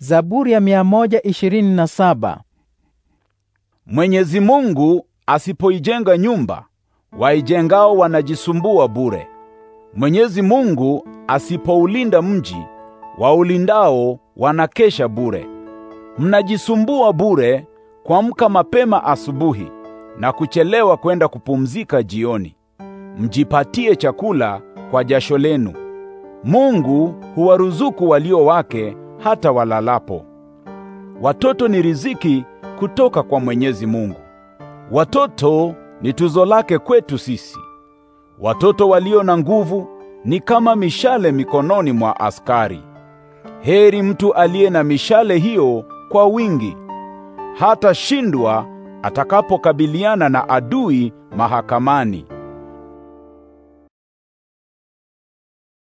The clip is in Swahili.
Zaburi ya mia ishirini na saba. Mwenyezi Mungu asipoijenga nyumba, waijengao wanajisumbua bure. Mwenyezi Mungu asipoulinda mji, waulindao wanakesha bure. Mnajisumbua bure kuamka mapema asubuhi na kuchelewa kwenda kupumzika jioni. Mjipatie chakula kwa jasho lenu. Mungu huwaruzuku walio wake hata walalapo. Watoto ni riziki kutoka kwa Mwenyezi Mungu. Watoto ni tuzo lake kwetu sisi. Watoto walio na nguvu ni kama mishale mikononi mwa askari. Heri mtu aliye na mishale hiyo kwa wingi, hata shindwa atakapokabiliana na adui mahakamani.